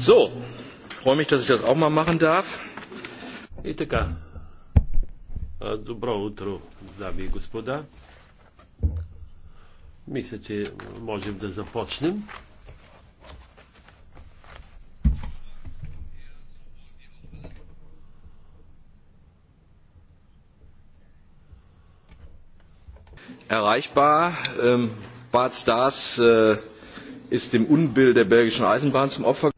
So, ich freue mich, dass ich das auch mal machen darf. И така. Добро утро, дами и господа. Мисля, че можем да започнем. erreichbar. Bad Stars äh, ist dem Unbill der belgischen Eisenbahn zum Opfer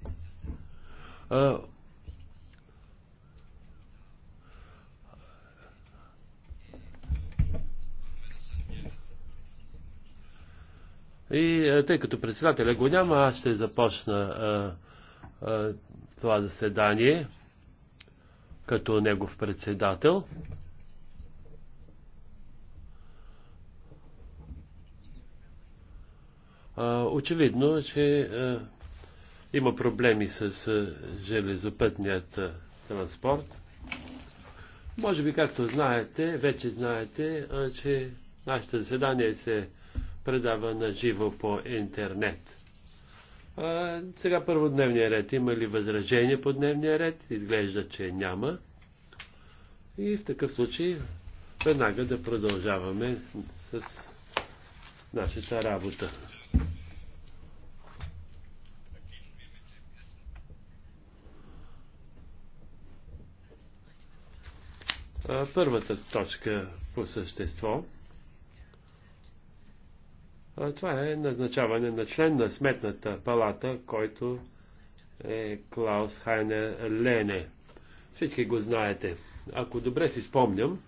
тъй като председателя го няма, аз ще започна а, а, това заседание като негов председател. А, очевидно, че а, има проблеми с а, железопътният а, транспорт. Може би, както знаете, вече знаете, а, че нашето заседание се предава на живо по интернет. А, сега първо дневния ред. Има ли възражение по дневния ред? Изглежда, че няма. И в такъв случай веднага да продължаваме с нашата работа. Първата точка по същество това е назначаване на член на сметната палата, който е Клаус Хайнер Лене. Всички го знаете. Ако добре си спомням,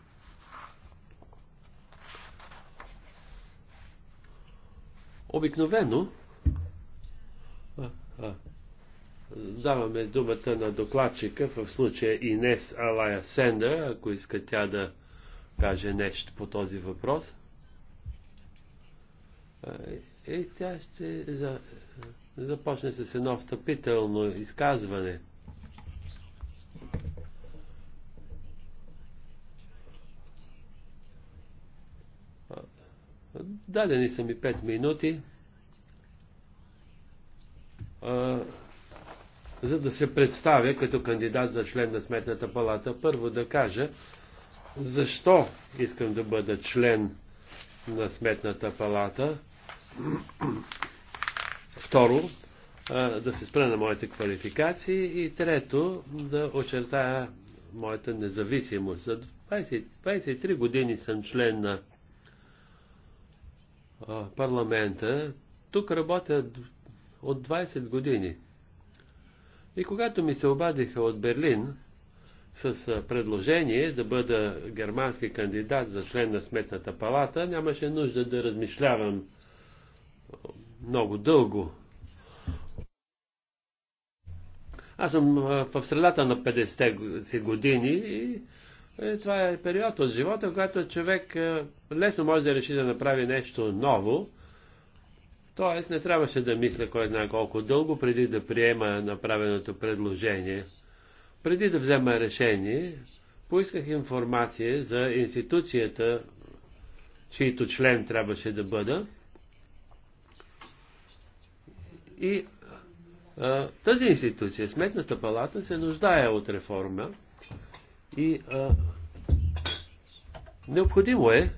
обикновено даваме думата на докладчика, в случая Инес Алая Сендер, ако иска тя да каже нещо по този въпрос. И е, е, тя ще за, започне с едно встъпително изказване. Дадени са ми 5 минути, а, за да се представя като кандидат за член на Сметната палата. Първо да кажа защо искам да бъда член на Сметната палата Второ, да се спра на моите квалификации и трето, да очертая моята независимост. За 20, 23 години съм член на парламента. Тук работя от 20 години. И когато ми се обадиха от Берлин с предложение да бъда германски кандидат за член на Сметната палата, нямаше нужда да размишлявам много дълго. Аз съм в средата на 50-те години и е, това е период от живота, в който човек е, лесно може да реши да направи нещо ново. Тоест не трябваше да мисля кой знае колко дълго преди да приема направеното предложение. Преди да взема решение, поисках информация за институцията, чийто член трябваше да бъда – и а, тази институция, Сметната палата, се нуждае от реформа и а, необходимо е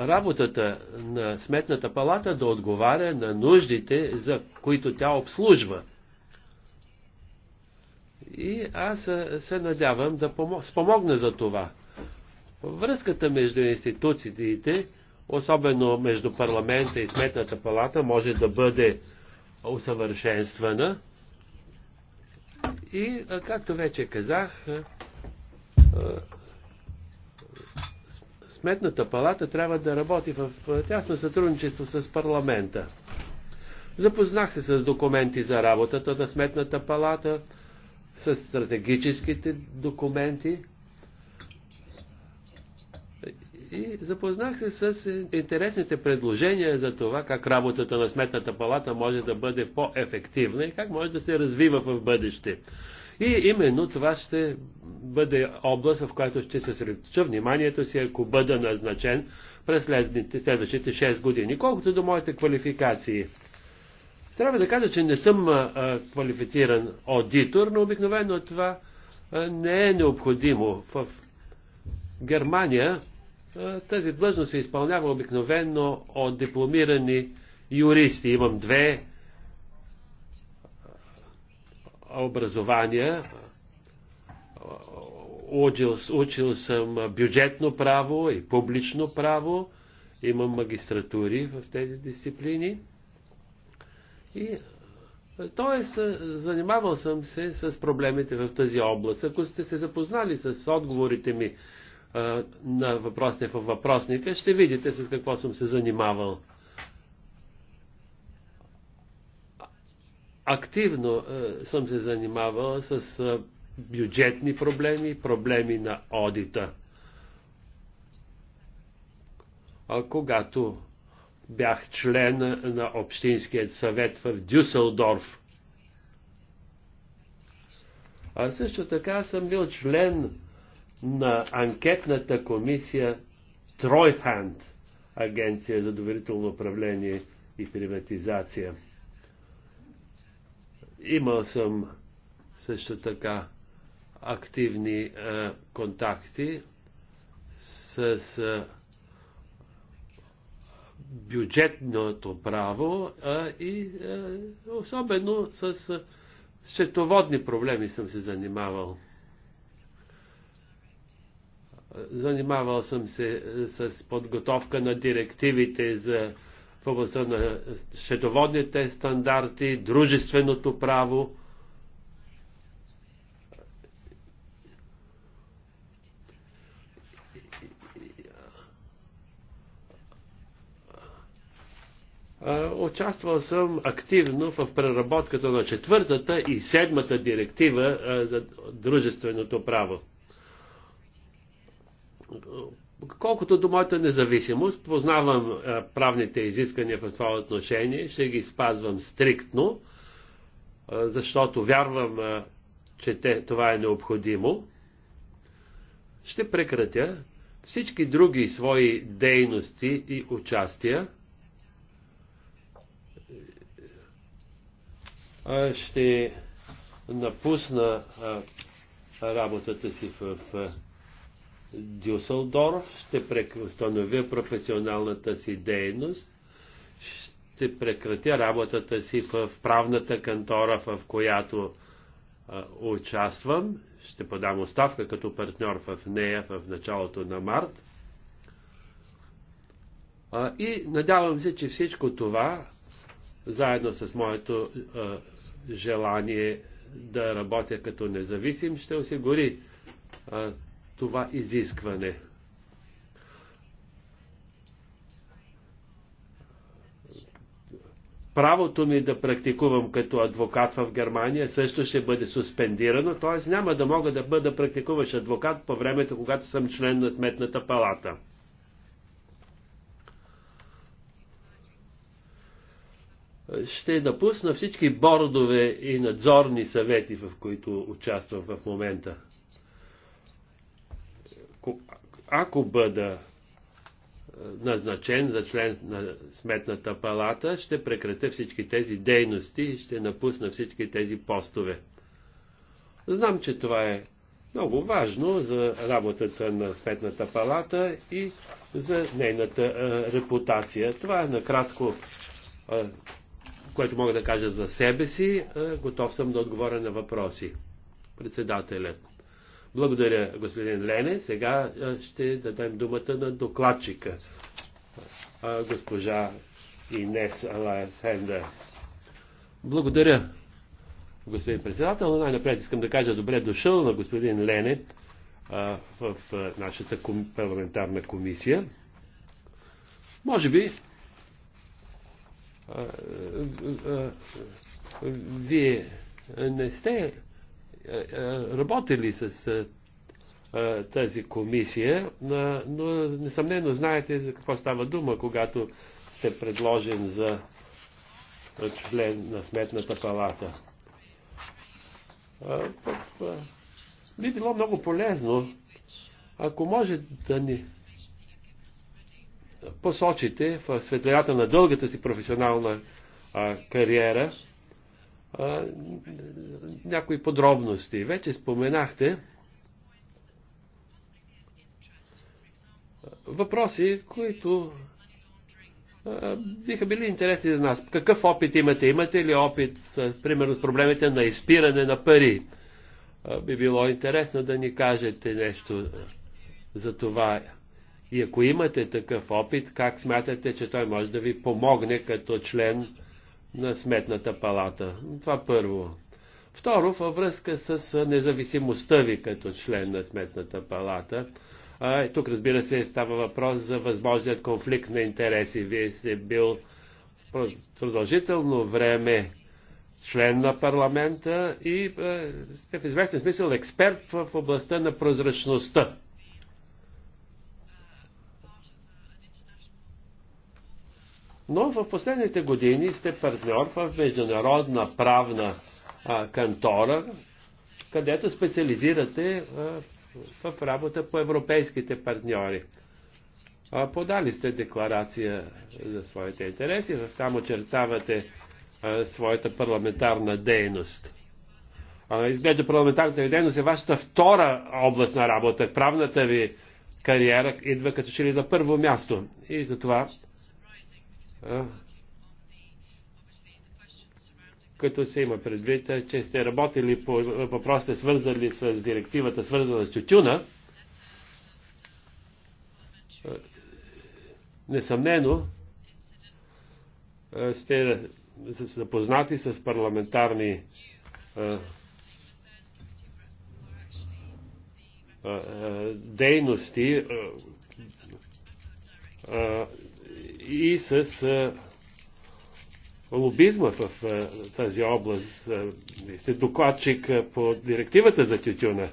работата на Сметната палата да отговаря на нуждите, за които тя обслужва. И аз се надявам да спомогна за това. Връзката между институциите особено между парламента и сметната палата, може да бъде усъвършенствана. И, както вече казах, Сметната палата трябва да работи в тясно сътрудничество с парламента. Запознах се с документи за работата на Сметната палата, с стратегическите документи и запознах се с интересните предложения за това как работата на Сметната палата може да бъде по-ефективна и как може да се развива в бъдеще. И именно това ще бъде област, в която ще се средоча вниманието си, ако бъда назначен през следните, следващите 6 години. Колкото до моите квалификации. Трябва да кажа, че не съм а, квалифициран аудитор, но обикновено това а, не е необходимо. В Германия е, тази длъжност се изпълнява обикновено от дипломирани юристи. Имам две е, образования. Учил, учил съм бюджетно право и публично право. Имам магистратури в тези дисциплини. И т.е. Е, занимавал съм се с проблемите в тази област. Ако сте се запознали с отговорите ми на въпросите във въпросника, ще видите с какво съм се занимавал. Активно съм се занимавал с бюджетни проблеми, проблеми на одита. А когато бях член на Общинският съвет в Дюселдорф, а също така съм бил член на анкетната комисия Тройханд, Агенция за доверително управление и приватизация. Имал съм също така активни е, контакти с а, е, бюджетното право е, и е, особено с а, е, счетоводни проблеми съм се занимавал. Занимавал съм се е, с подготовка на директивите за в областта на счетоводните стандарти, дружественото право. Участвал съм активно в преработката на четвъртата и седмата директива за дружественото право. Колкото до моята независимост, познавам е, правните изисквания в това отношение, ще ги спазвам стриктно, е, защото вярвам, е, че това е необходимо. Ще прекратя всички други свои дейности и участия. Ще напусна работата си в Дюселдорф, ще преустановя професионалната си дейност, ще прекратя работата си в правната кантора, в която а, участвам, ще подам оставка като партньор в нея в началото на март. А, и надявам се, че всичко това, заедно с моето а, желание да работя като независим, ще осигури това изискване. Правото ми да практикувам като адвокат в Германия също ще бъде суспендирано, т.е. няма да мога да бъда практикуващ адвокат по времето, когато съм член на Сметната палата. ще напусна всички бордове и надзорни съвети, в които участвам в момента. Ако бъда е, назначен за член на Сметната палата, ще прекратя всички тези дейности и ще напусна всички тези постове. Знам, че това е много важно за работата на Сметната палата и за нейната е, репутация. Това е накратко, е, което мога да кажа за себе си. Е, готов съм да отговоря на въпроси. Председателят. Благодаря, господин Лене. Сега ще дадем думата на докладчика, госпожа Инес Аласендър. Благодаря, господин председател. Най-напред искам да кажа добре дошъл на господин Лене в нашата парламентарна комисия. Може би вие не сте е, е, работили с е, тази комисия, но несъмнено знаете за какво става дума, когато сте предложен за член на Сметната палата. Би било много полезно, ако може да ни посочите в светлината на дългата си професионална кариера, някои подробности. Вече споменахте въпроси, които биха били интересни за нас. Какъв опит имате? Имате ли опит, с, примерно, с проблемите на изпиране на пари? Би било интересно да ни кажете нещо за това. И ако имате такъв опит, как смятате, че той може да ви помогне като член на Сметната палата. Това първо. Второ, във връзка с независимостта ви като член на Сметната палата. А, тук, разбира се, става въпрос за възможният конфликт на интереси. Вие сте бил продължително време член на парламента и а, сте в известен смисъл експерт в областта на прозрачността. Но в последните години сте партньор в международна правна а, кантора, където специализирате а, в работа по европейските партньори. А, подали сте декларация за своите интереси, в там очертавате а, своята парламентарна дейност. А, изглежда парламентарната ви дейност е вашата втора област на работа. Правната ви кариера идва като че ли на първо място. И затова като се има предвид, че сте работили по въпросите, свързали с директивата, свързана с тютюна, несъмнено сте запознати с парламентарни дейности, и с лобизма в тази област. Вие сте докладчик по директивата за тютюна.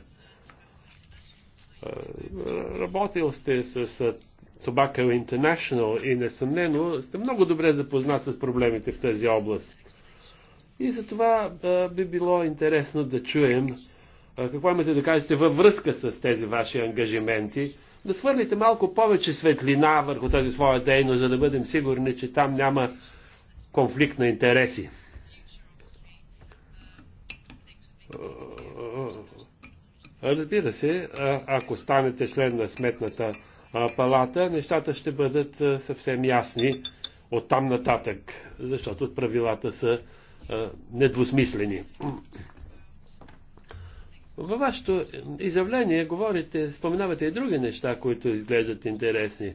Работил сте с Tobacco International и несъмнено сте много добре запознат с проблемите в тази област. И за това би било интересно да чуем какво имате да кажете във връзка с тези ваши ангажименти да свърлите малко повече светлина върху тази своя дейност, за да бъдем сигурни, че там няма конфликт на интереси. Разбира се, ако станете член на сметната палата, нещата ще бъдат съвсем ясни от там нататък, защото правилата са недвусмислени. Във вашето изявление говорите, споменавате и други неща, които изглеждат интересни.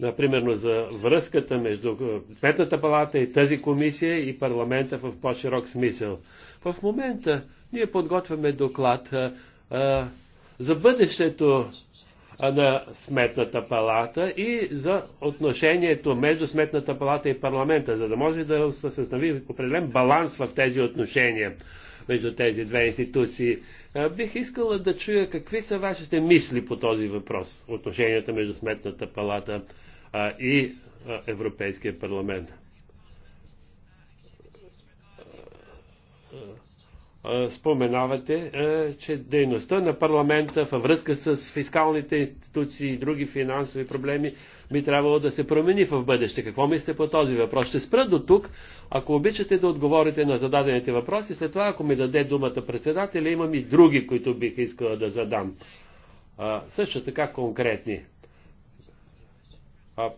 Например, за връзката между е, Сметната палата и тази комисия и парламента в по-широк смисъл. В момента ние подготвяме доклад а, е, а, е, за бъдещето на Сметната палата и за отношението между Сметната палата и парламента, за да може да се установи определен баланс в тези отношения между тези две институции. Бих искала да чуя какви са вашите мисли по този въпрос, отношенията между Сметната палата и Европейския парламент споменавате, че дейността на парламента във връзка с фискалните институции и други финансови проблеми би трябвало да се промени в бъдеще. Какво мислите по този въпрос? Ще спра до тук, ако обичате да отговорите на зададените въпроси. След това, ако ми даде думата председателя, имам и други, които бих искала да задам. А, също така конкретни. А,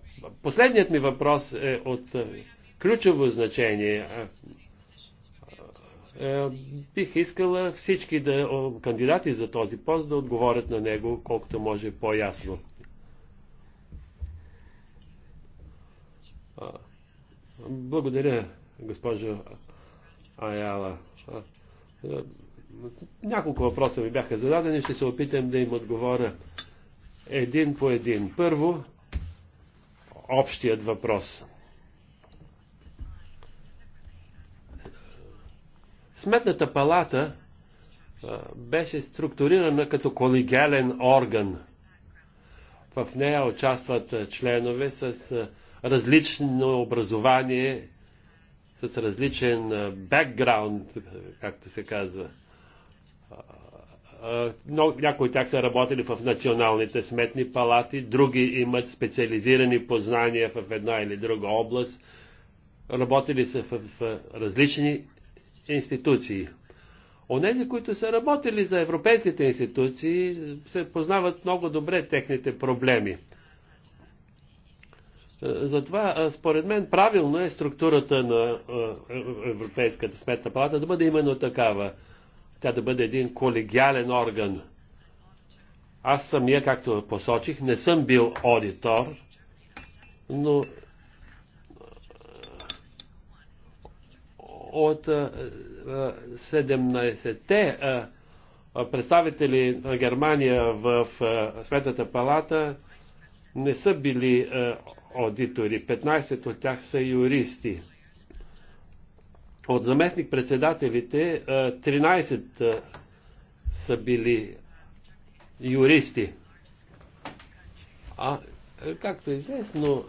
последният ми въпрос е от ключово значение. Е, бих искала всички да, кандидати за този пост да отговорят на него колкото може по-ясно. Благодаря, госпожо Аяла. Няколко въпроса ми бяха зададени, ще се опитам да им отговоря един по един. Първо, общият въпрос. Сметната палата беше структурирана като колегиален орган. В нея участват членове с различно образование, с различен бекграунд, както се казва. Но някои от тях са работили в националните сметни палати, други имат специализирани познания в една или друга област, работили са в различни институции. Онези, които са работили за европейските институции, се познават много добре техните проблеми. Затова, според мен, правилно е структурата на Европейската сметна палата да бъде именно такава. Тя да бъде един колегиален орган. Аз самия, както посочих, не съм бил аудитор, но от 17-те е, е, е, представители на Германия в Светата палата не са били аудитори. 15 от тях са юристи. От заместник-председателите 13 са били юристи. А, както е известно,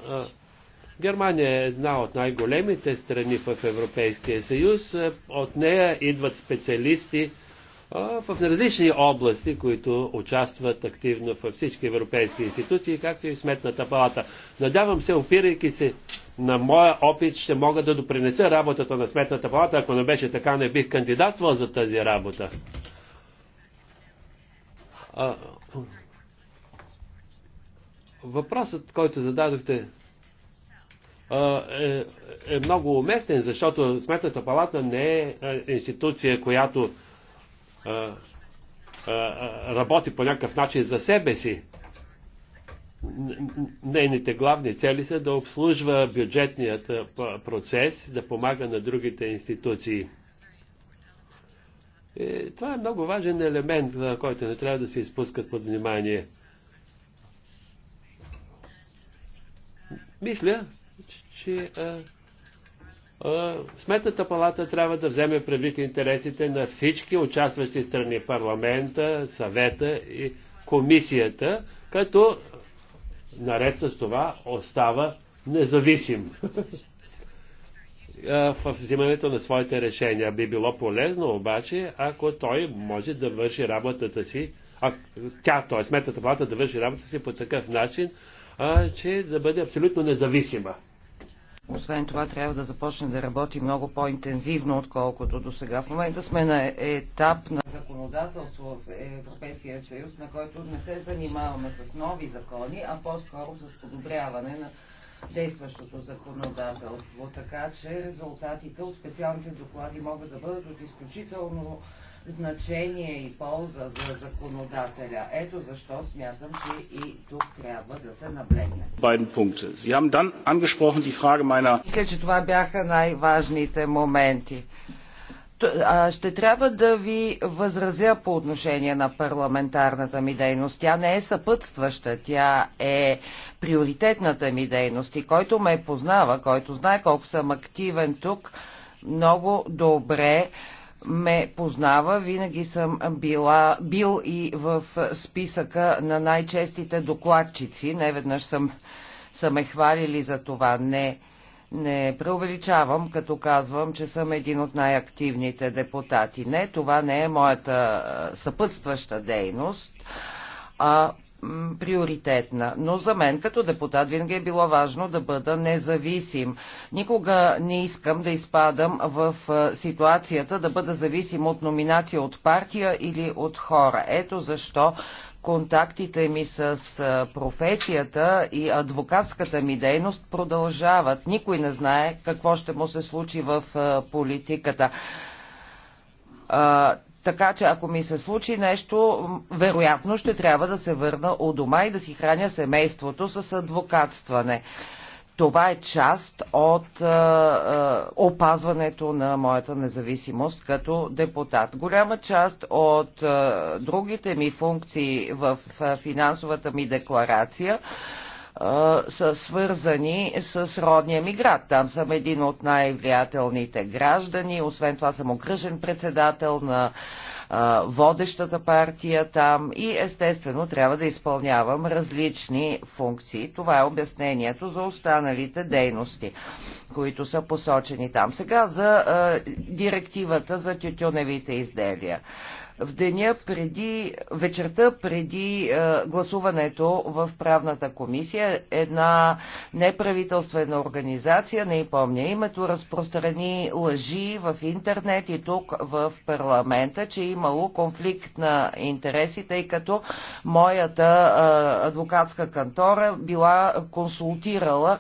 Германия е една от най-големите страни в Европейския съюз. Е, от нея идват специалисти е, в различни области, които участват активно във всички европейски институции, както и Сметната палата. Надявам се, опирайки се на моя опит, ще мога да допринеса работата на Сметната палата. Ако не беше така, не бих кандидатствал за тази работа. Въпросът, който зададохте е, е много уместен, защото Сметната палата не е, е институция, която е, е, е, работи по някакъв начин за себе си. Нейните главни цели са да обслужва бюджетният е, процес, да помага на другите институции. И това е много важен елемент, който не трябва да се изпускат под внимание. Мисля, че а, а, Сметната палата трябва да вземе предвид интересите на всички участващи страни парламента, съвета и комисията, като наред с това остава независим в взимането на своите решения. Би било полезно обаче, ако той може да върши работата си, а тя, т.е. сметната палата да върши работата си по такъв начин, а, че да бъде абсолютно независима. Освен това, трябва да започне да работи много по-интензивно, отколкото до сега. В момента сме на етап на законодателство в Европейския съюз, на който не се занимаваме с нови закони, а по-скоро с подобряване на действащото законодателство. Така че резултатите от специалните доклади могат да бъдат от изключително значение и полза за законодателя. Ето защо смятам, че и тук трябва да се наблегне. Beiden Punkte. Sie haben dann angesprochen die Frage meiner... Мисля, че това бяха най-важните моменти. Ще трябва да ви възразя по отношение на парламентарната ми дейност. Тя не е съпътстваща, тя е приоритетната ми дейност. И който ме познава, който знае колко съм активен тук, много добре ме познава. Винаги съм била, бил и в списъка на най-честите докладчици. Не веднъж съм, съм ме хвалили за това. Не, не преувеличавам, като казвам, че съм един от най-активните депутати. Не, това не е моята съпътстваща дейност, а приоритетна. Но за мен като депутат винаги е било важно да бъда независим. Никога не искам да изпадам в ситуацията да бъда зависим от номинация от партия или от хора. Ето защо контактите ми с професията и адвокатската ми дейност продължават. Никой не знае какво ще му се случи в политиката така че ако ми се случи нещо, вероятно ще трябва да се върна у дома и да си храня семейството с адвокатстване. Това е част от а, е, опазването на моята независимост като депутат. Голяма част от а, е, другите ми функции в а, финансовата ми декларация са свързани с родния ми град. Там съм един от най-влиятелните граждани, освен това съм окръжен председател на водещата партия там и естествено трябва да изпълнявам различни функции. Това е обяснението за останалите дейности, които са посочени там. Сега за директивата за тютюневите изделия в деня преди, вечерта преди е, гласуването в правната комисия, една неправителствена организация, не помня името, разпространи лъжи в интернет и тук в парламента, че е имало конфликт на интереси, тъй като моята е, адвокатска кантора била консултирала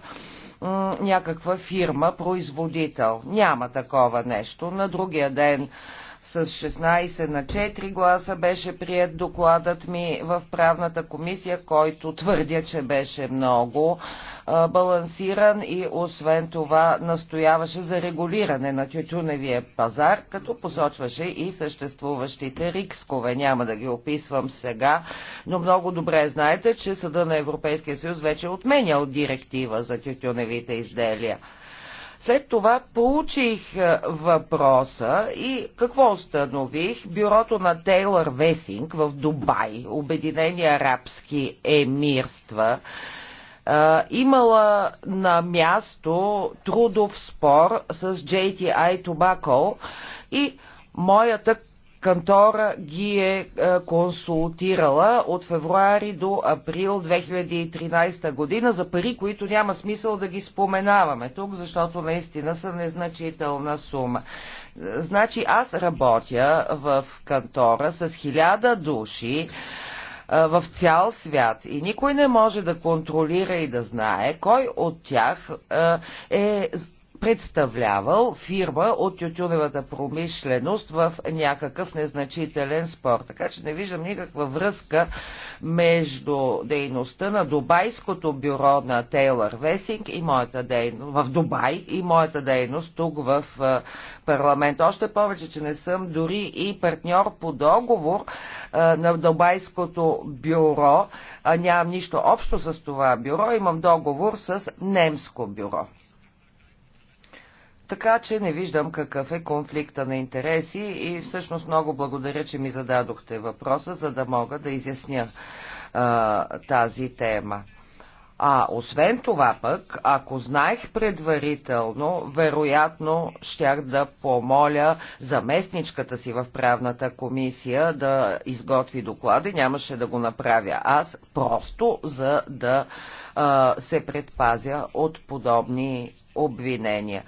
някаква фирма, производител. Няма такова нещо. На другия ден с 16 на 4 гласа беше прият докладът ми в правната комисия, който твърдя, че беше много балансиран и освен това настояваше за регулиране на тютюневия пазар, като посочваше и съществуващите рискове. Няма да ги описвам сега, но много добре знаете, че Съда на Европейския съюз вече отменял директива за тютюневите изделия. След това получих е, въпроса и какво установих? Бюрото на Тейлър Весинг в Дубай, Обединени арабски емирства, е, имала на място трудов спор с JTI Tobacco и моята кантора ги е, е консултирала от февруари до април 2013 година за пари, които няма смисъл да ги споменаваме тук, защото наистина са незначителна сума. Значи аз работя в кантора с хиляда души е, в цял свят и никой не може да контролира и да знае кой от тях е, е представлявал фирма от тютюневата промишленост в някакъв незначителен спор. Така че не виждам никаква връзка между дейността на Дубайското бюро на Тейлър Весинг и моята дейност в Дубай и моята дейност тук в парламент. Още повече, че не съм дори и партньор по договор на Дубайското бюро. Нямам нищо общо с това бюро. Имам договор с немско бюро. Така че не виждам какъв е конфликта на интереси и всъщност много благодаря, че ми зададохте въпроса, за да мога да изясня а, тази тема. А освен това пък, ако знаех предварително, вероятно щях да помоля заместничката си в правната комисия да изготви доклади. Нямаше да го направя аз, просто за да а, се предпазя от подобни обвинения.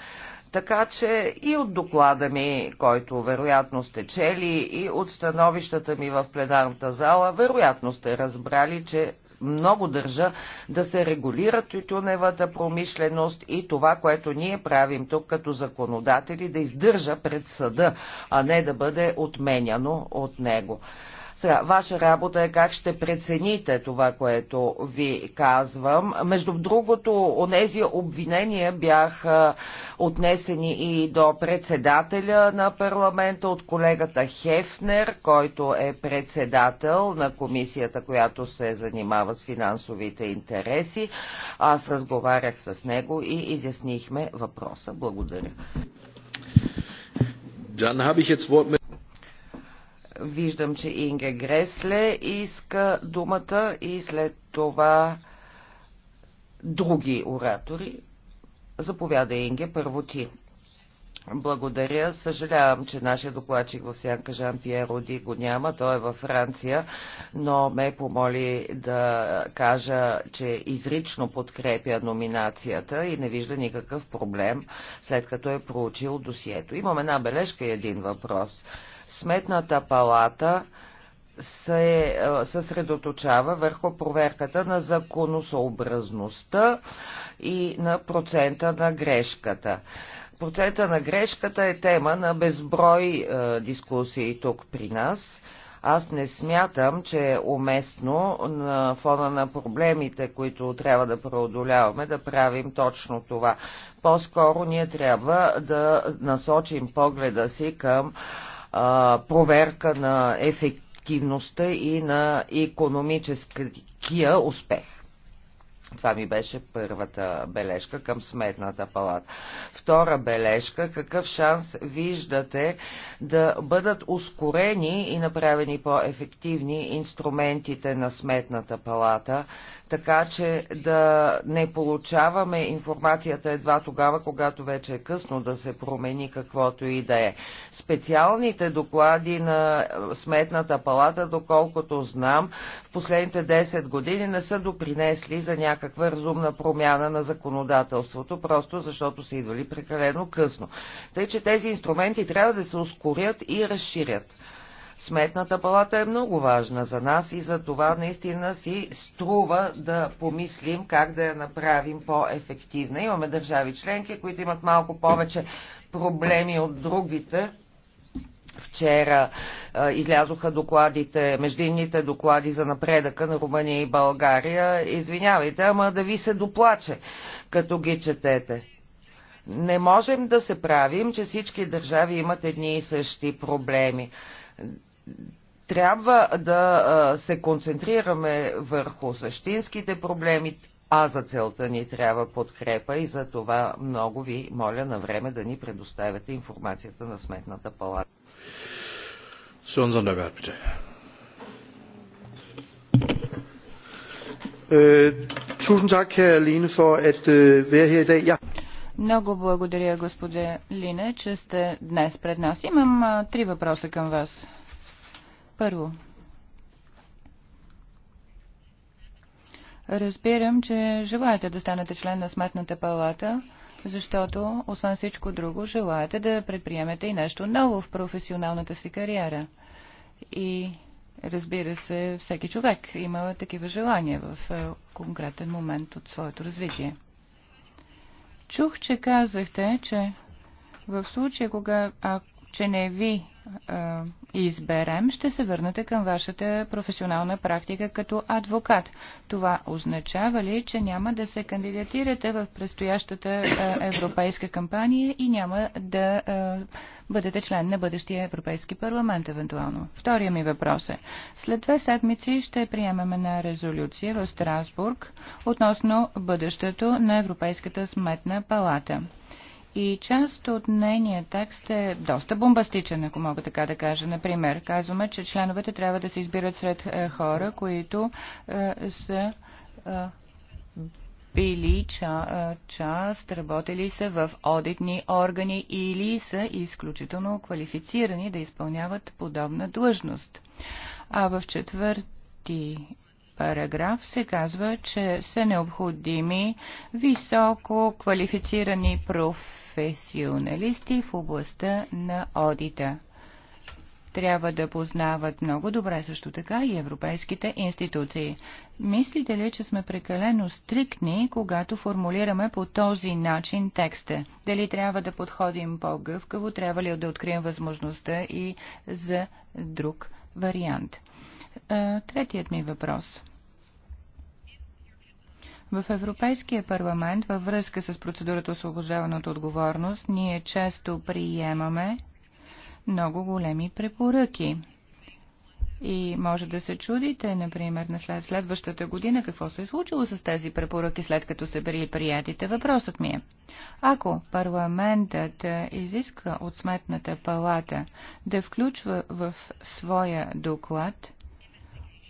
Така че и от доклада ми, който вероятно сте чели, и от становищата ми в пленарната зала, вероятно сте разбрали, че много държа да се регулира тютюневата промишленост и това, което ние правим тук като законодатели, да издържа пред съда, а не да бъде отменяно от него. Сега, ваша работа е как ще прецените това, което ви казвам. Между другото, онези обвинения бяха отнесени и до председателя на парламента от колегата Хефнер, който е председател на комисията, която се занимава с финансовите интереси. Аз разговарях с него и изяснихме въпроса. Благодаря. Виждам, че Инге Гресле иска думата и след това други оратори. Заповяда, Инге, първо ти. Благодаря. Съжалявам, че нашия докладчик в Сянка Жан Пьер Роди го няма. Той е във Франция, но ме помоли да кажа, че изрично подкрепя номинацията и не вижда никакъв проблем, след като е проучил досието. Имам една бележка и един въпрос. Сметната палата се е, съсредоточава върху проверката на законосъобразността и на процента на грешката. Процента на грешката е тема на безброй е, дискусии тук при нас. Аз не смятам, че е уместно на фона на проблемите, които трябва да преодоляваме, да правим точно това. По-скоро ние трябва да насочим погледа си към е, а, проверка на ефективността и на економическия успех. Това ми беше първата бележка към сметната палата. Втора бележка, какъв шанс виждате да бъдат ускорени и направени по-ефективни инструментите на сметната палата така че да не получаваме информацията едва тогава, когато вече е късно да се промени каквото и да е. Специалните доклади на Сметната палата, доколкото знам, в последните 10 години не са допринесли за някаква разумна промяна на законодателството, просто защото са идвали прекалено късно. Тъй, че тези инструменти трябва да се ускорят и разширят. Сметната палата е много важна за нас и за това наистина си струва да помислим как да я направим по-ефективна. Имаме държави членки, които имат малко повече проблеми от другите. Вчера а, излязоха докладите, междинните доклади за напредъка на Румъния и България. Извинявайте, ама да ви се доплаче, като ги четете. Не можем да се правим, че всички държави имат едни и същи проблеми трябва да се концентрираме върху същинските проблеми, а за целта ни трябва подкрепа и за това много ви моля на време да ни предоставяте информацията на Сметната палата. Сонзан да bitte. Много благодаря, господин Лине, че сте днес пред нас. Имам а, три въпроса към вас. Първо, разбирам, че желаете да станете член на Сметната палата, защото, освен всичко друго, желаете да предприемете и нещо ново в професионалната си кариера. И разбира се, всеки човек има такива желания в е, конкретен момент от своето развитие. Чух, че казахте, че в случая, кога, а, че не ви е, изберем, ще се върнете към вашата професионална практика като адвокат. Това означава ли, че няма да се кандидатирате в предстоящата е, европейска кампания и няма да е, бъдете член на бъдещия Европейски парламент, евентуално? Втория ми въпрос е. След две седмици ще приемаме на резолюция в Страсбург относно бъдещето на Европейската сметна палата. И част от нейния текст е доста бомбастичен, ако мога така да кажа. Например, казваме, че членовете трябва да се избират сред е, хора, които е, са е, били ча, е, част, работили са в одитни органи или са изключително квалифицирани да изпълняват подобна длъжност. А в четвърти параграф се казва, че са необходими високо квалифицирани профи професионалисти в областта на одита. Трябва да познават много добре също така и европейските институции. Мислите ли, че сме прекалено стриктни, когато формулираме по този начин текста? Дали трябва да подходим по-гъвкаво, трябва ли да открием възможността и за друг вариант? Е, третият ми въпрос – в Европейския парламент, във връзка с процедурата освобождаване от отговорност, ние често приемаме много големи препоръки. И може да се чудите, например, на след следващата година какво се е случило с тези препоръки, след като са били приятите. Въпросът ми е, ако парламентът изиска от сметната палата да включва в своя доклад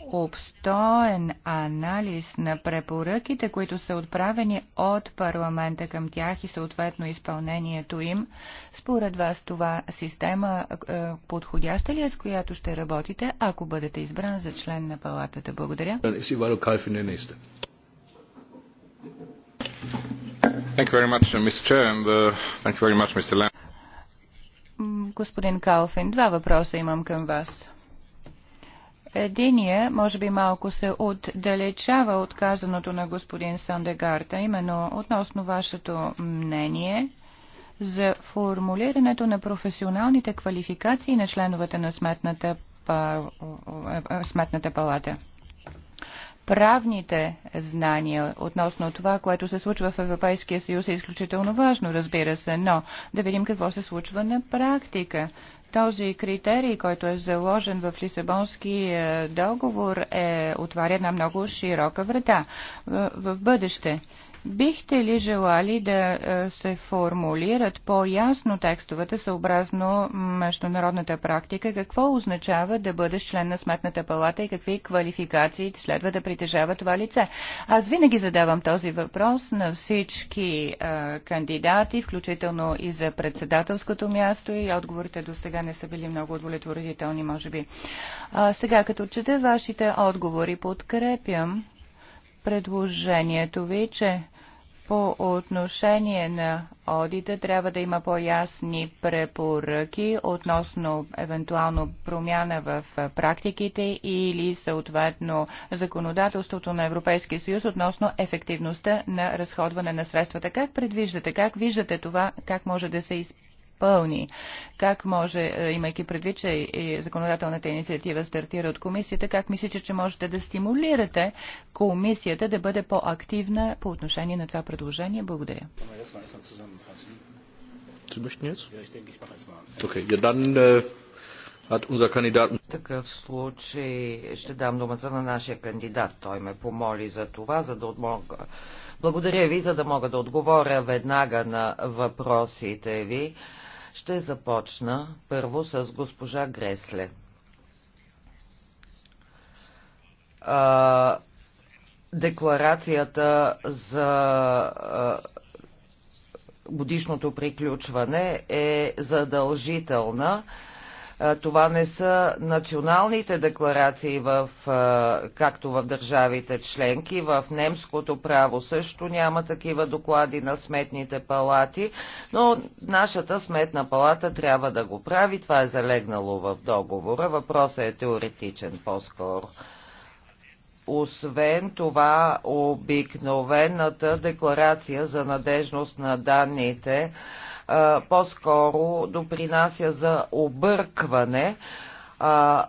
обстоен анализ на препоръките, които са отправени от парламента към тях и съответно изпълнението им. Според вас това система е, подходяща ли е, с която ще работите, ако бъдете избран за член на палатата? Благодаря. Uh, uh, Господин Калфин, два въпроса имам към вас. Единия, може би малко се отдалечава от казаното на господин Сандегарта, именно относно вашето мнение за формулирането на професионалните квалификации на членовете на Сметната, е, е, сметната палата правните знания относно това, което се случва в Европейския съюз е изключително важно, разбира се, но да видим какво се случва на практика. Този критерий, който е заложен в Лисабонски е, договор, е, отваря една много широка врата в, в бъдеще. Бихте ли желали да е, се формулират по-ясно текстовете съобразно международната практика? Какво означава да бъдеш член на Сметната палата и какви квалификации следва да притежава това лице? Аз винаги задавам този въпрос на всички а, е, кандидати, включително и за председателското място и отговорите до сега не са били много удовлетворителни, може би. А, сега, като чета вашите отговори, подкрепям предложението ви, че по отношение на одита трябва да има по-ясни препоръки относно евентуално промяна в практиките или съответно законодателството на Европейския съюз относно ефективността на разходване на средствата. Как предвиждате, как виждате това, как може да се изпълни? пълни. Как може, е, имайки предвид, че и законодателната инициатива стартира от комисията, как мислите, че можете да стимулирате комисията да бъде по-активна по отношение на това предложение? Благодаря. Äh, В такъв случай ще дам думата на нашия кандидат. Той ме помоли за това, за да отмога. Благодаря ви, за да мога да отговоря веднага на въпросите ви. Ще започна първо с госпожа Гресле. А, декларацията за а, годишното приключване е задължителна. А, това не са националните декларации, в, както в държавите членки. В немското право също няма такива доклади на сметните палати, но нашата сметна палата трябва да го прави. Това е залегнало в договора. Въпросът е теоретичен по-скоро. Освен това, обикновената декларация за надежност на данните по-скоро допринася за объркване, а,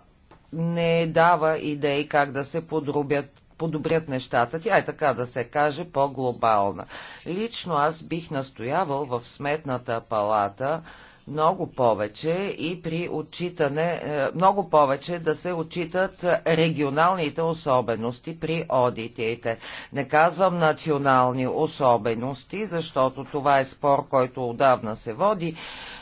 не дава идеи как да се подробят подобрят нещата. Тя е така да се каже по-глобална. Лично аз бих настоявал в сметната палата много повече и при отчитане, е, много повече да се отчитат регионалните особености при одитите. Не казвам национални особености, защото това е спор, който отдавна се води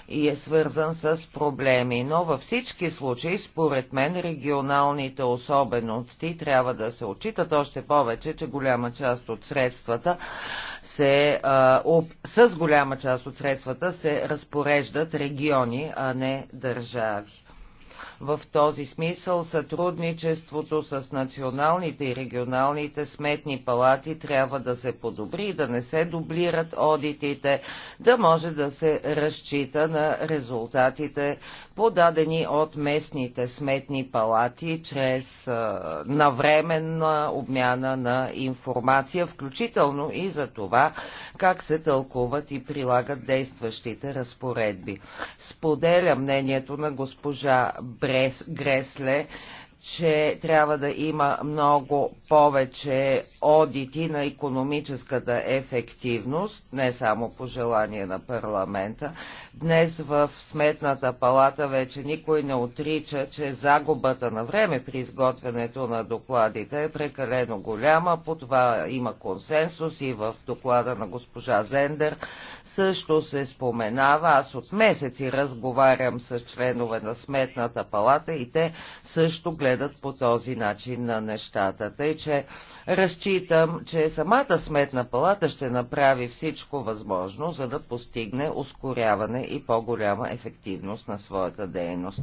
и е свързан с проблеми, но във всички случаи, според мен, регионалните особености трябва да се отчитат още повече, че голяма част от средствата се, а, с голяма част от средствата се разпореждат региони, а не държави. В този смисъл сътрудничеството с националните и регионалните сметни палати трябва да се подобри, да не се дублират одитите, да може да се разчита на резултатите подадени от местните сметни палати чрез навременна обмяна на информация, включително и за това как се тълкуват и прилагат действащите разпоредби. Споделя мнението на госпожа Брес, Гресле, че трябва да има много повече одити на економическата ефективност, не само по желание на парламента. Днес в Сметната палата вече никой не отрича, че загубата на време при изготвянето на докладите е прекалено голяма. По това има консенсус и в доклада на госпожа Зендер също се споменава. Аз от месеци разговарям с членове на Сметната палата и те също гледат по този начин на нещата. Тъй, че Разчитам, че самата сметна палата ще направи всичко възможно, за да постигне ускоряване и по-голяма ефективност на своята дейност.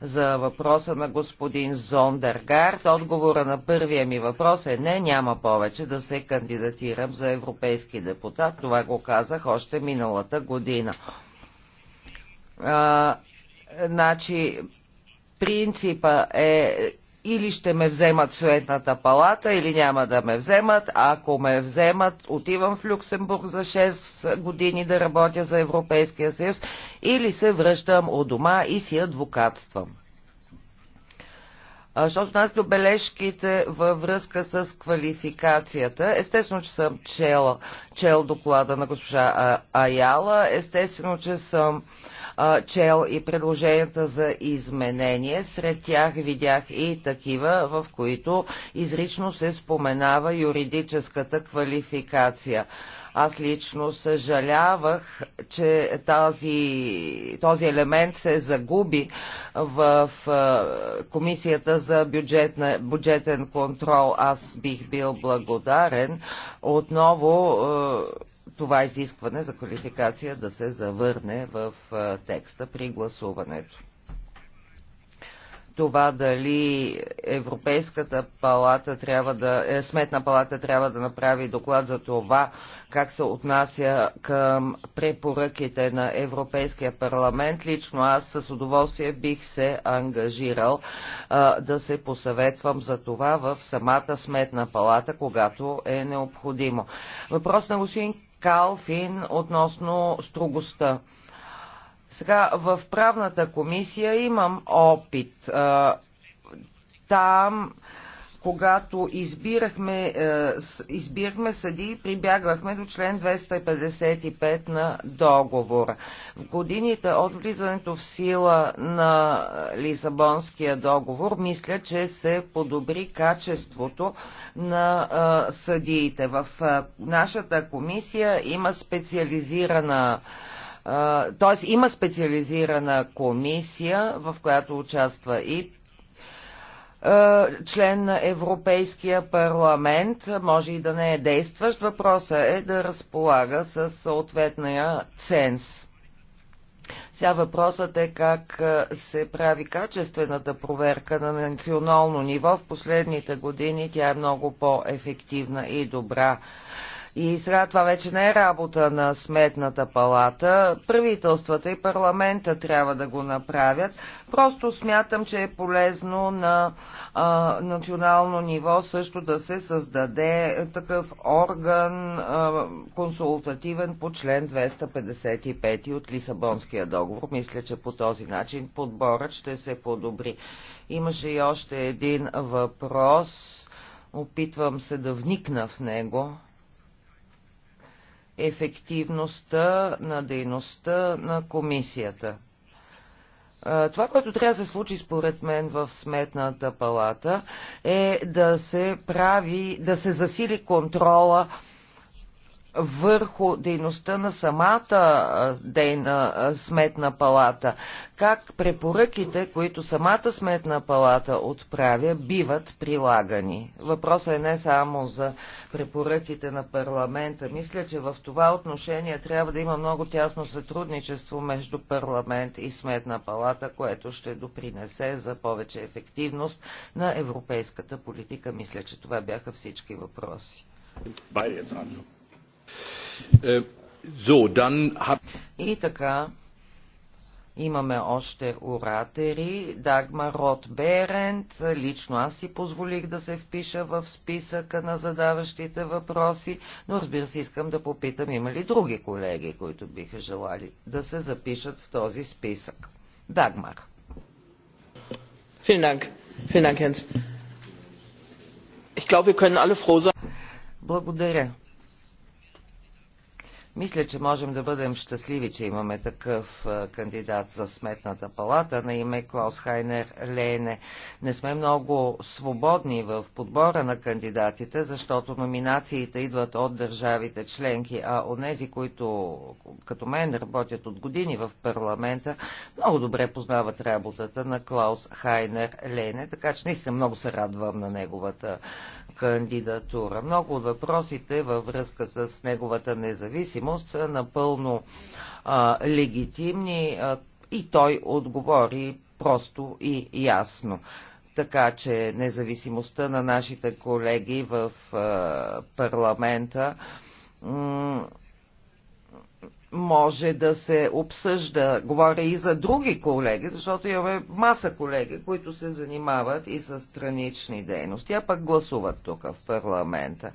За въпроса на господин Зондергард, отговора на първия ми въпрос е не, няма повече да се кандидатирам за европейски депутат. Това го казах още миналата година. А, значи, принципа е или ще ме вземат в Суетната палата, или няма да ме вземат. Ако ме вземат, отивам в Люксембург за 6 години да работя за Европейския съюз, или се връщам от дома и си адвокатствам. Защото нас до бележките във връзка с квалификацията? Естествено, че съм чел, чел доклада на госпожа Аяла. Естествено, че съм чел и предложенията за изменение. Сред тях видях и такива, в които изрично се споменава юридическата квалификация. Аз лично съжалявах, че тази, този елемент се загуби в Комисията за бюджетна, бюджетен контрол. Аз бих бил благодарен отново това изискване за квалификация да се завърне в текста при гласуването. Това дали Европейската палата трябва да, е, сметна палата трябва да направи доклад за това, как се отнася към препоръките на Европейския парламент. Лично аз с удоволствие бих се ангажирал а, да се посъветвам за това в самата сметна палата, когато е необходимо. Въпрос на Лушин Калфин относно строгостта. Сега в правната комисия имам опит. Там когато избирахме, е, избирахме съди, прибягвахме до член 255 на договора. В годините от влизането в сила на Лисабонския договор, мисля, че се подобри качеството на е, съдиите. В е, нашата комисия има специализирана т.е. има специализирана комисия, в която участва и е, член на Европейския парламент, може и да не е действащ, въпроса е да разполага с съответния ценз. Сега въпросът е как е, се прави качествената проверка на национално ниво. В последните години тя е много по-ефективна и добра. И сега това вече не е работа на сметната палата. Правителствата и парламента трябва да го направят. Просто смятам, че е полезно на а, национално ниво също да се създаде такъв орган а, консултативен по член 255 от Лисабонския договор. Мисля, че по този начин подборът ще се подобри. Имаше и още един въпрос. Опитвам се да вникна в него ефективността на дейността на комисията. Това, което трябва да се случи според мен в сметната палата е да се прави, да се засили контрола върху дейността на самата дейна сметна палата, как препоръките, които самата сметна палата отправя, биват прилагани. Въпросът е не само за препоръките на парламента. Мисля, че в това отношение трябва да има много тясно сътрудничество между парламент и сметна палата, което ще допринесе за повече ефективност на европейската политика. Мисля, че това бяха всички въпроси. Байде, jetzt е, И така, имаме още оратери. Дагма Рот Берент. Лично аз си позволих да се впиша в списъка на задаващите въпроси, но разбира се, искам да попитам има ли други колеги, които биха желали да се запишат в този списък. Дагмар. Благодаря. Мисля, че можем да бъдем щастливи, че имаме такъв кандидат за сметната палата на име Клаус Хайнер Лейне. Не сме много свободни в подбора на кандидатите, защото номинациите идват от държавите членки, а онези, които като мен работят от години в парламента, много добре познават работата на Клаус Хайнер Лейне, така че наистина много се радвам на неговата кандидатура. Много от въпросите във връзка с неговата независимост са напълно а, легитимни а, и той отговори просто и ясно. Така че независимостта на нашите колеги в а, парламента може да се обсъжда, говоря и за други колеги, защото имаме маса колеги, които се занимават и с странични дейности, а пък гласуват тук в парламента.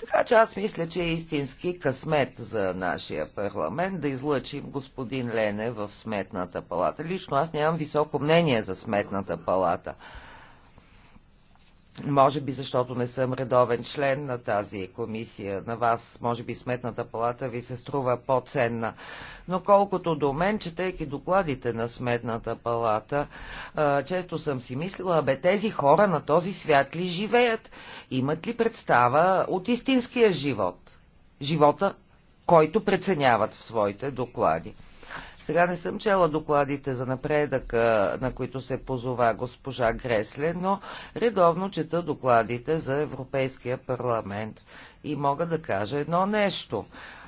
Така че аз мисля, че е истински късмет за нашия парламент да излъчим господин Лене в Сметната палата. Лично аз нямам високо мнение за Сметната палата може би защото не съм редовен член на тази комисия, на вас, може би сметната палата ви се струва по-ценна. Но колкото до мен, четейки докладите на сметната палата, често съм си мислила, бе тези хора на този свят ли живеят? Имат ли представа от истинския живот? Живота, който преценяват в своите доклади. Сега не съм чела докладите за напредъка, на които се позова госпожа Гресле, но редовно чета докладите за Европейския парламент и мога да кажа едно нещо.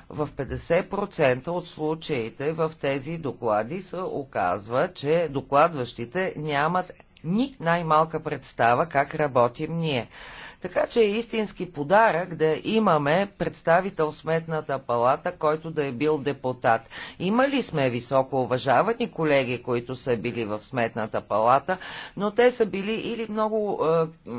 В 50% от случаите в тези доклади се оказва, че докладващите нямат ни най-малка представа как работим ние. Така че е истински подарък да имаме представител Сметната палата, който да е бил депутат. Има ли сме високо уважавани колеги, които са били в Сметната палата, но те са били или много е,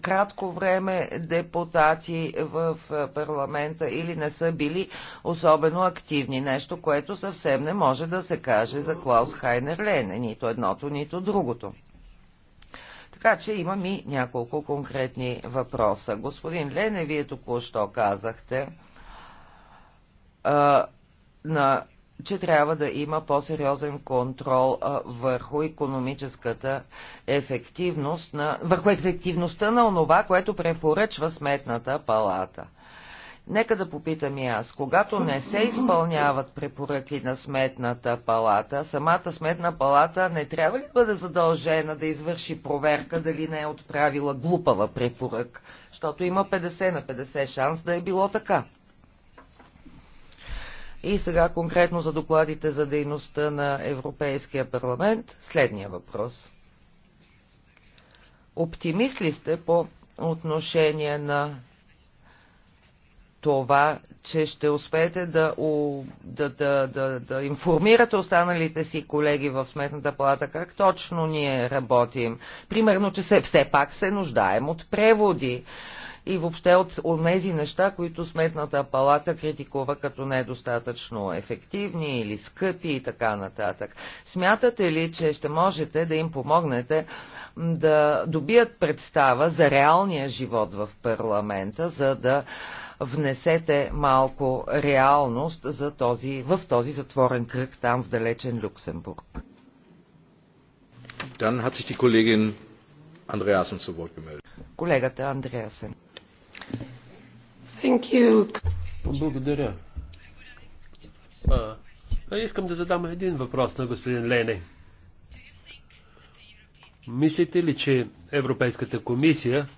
кратко време депутати в е, парламента или не са били особено активни. Нещо, което съвсем не може да се каже за Клаус Хайнер Лене, нито едното, нито другото. Така че имам и няколко конкретни въпроса. Господин Лене, вие току-що казахте, а, на, че трябва да има по-сериозен контрол а, върху економическата ефективност, на, върху ефективността на онова, което препоръчва Сметната палата – Нека да попитам и аз. Когато не се изпълняват препоръки на сметната палата, самата сметна палата не трябва ли бъде задължена да извърши проверка дали не е отправила глупава препорък? Защото има 50 на 50 шанс да е било така. И сега конкретно за докладите за дейността на Европейския парламент, следния въпрос. Оптимист ли сте по отношение на това, че ще успеете да, да, да, да, да информирате останалите си колеги в Сметната палата как точно ние работим. Примерно, че се, все пак се нуждаем от преводи и въобще от тези неща, които Сметната палата критикува като недостатъчно ефективни или скъпи и така нататък. Смятате ли, че ще можете да им помогнете да добият представа за реалния живот в парламента, за да внесете малко реалност за този, в този затворен кръг там в далечен Люксембург. Dann hat sich die Kollegin Andreasen zu Wort gemeldet. Колегата Андреасен. Thank you. Благодаря. А, искам да задам един въпрос на господин Лене. Мислите ли, че Европейската комисия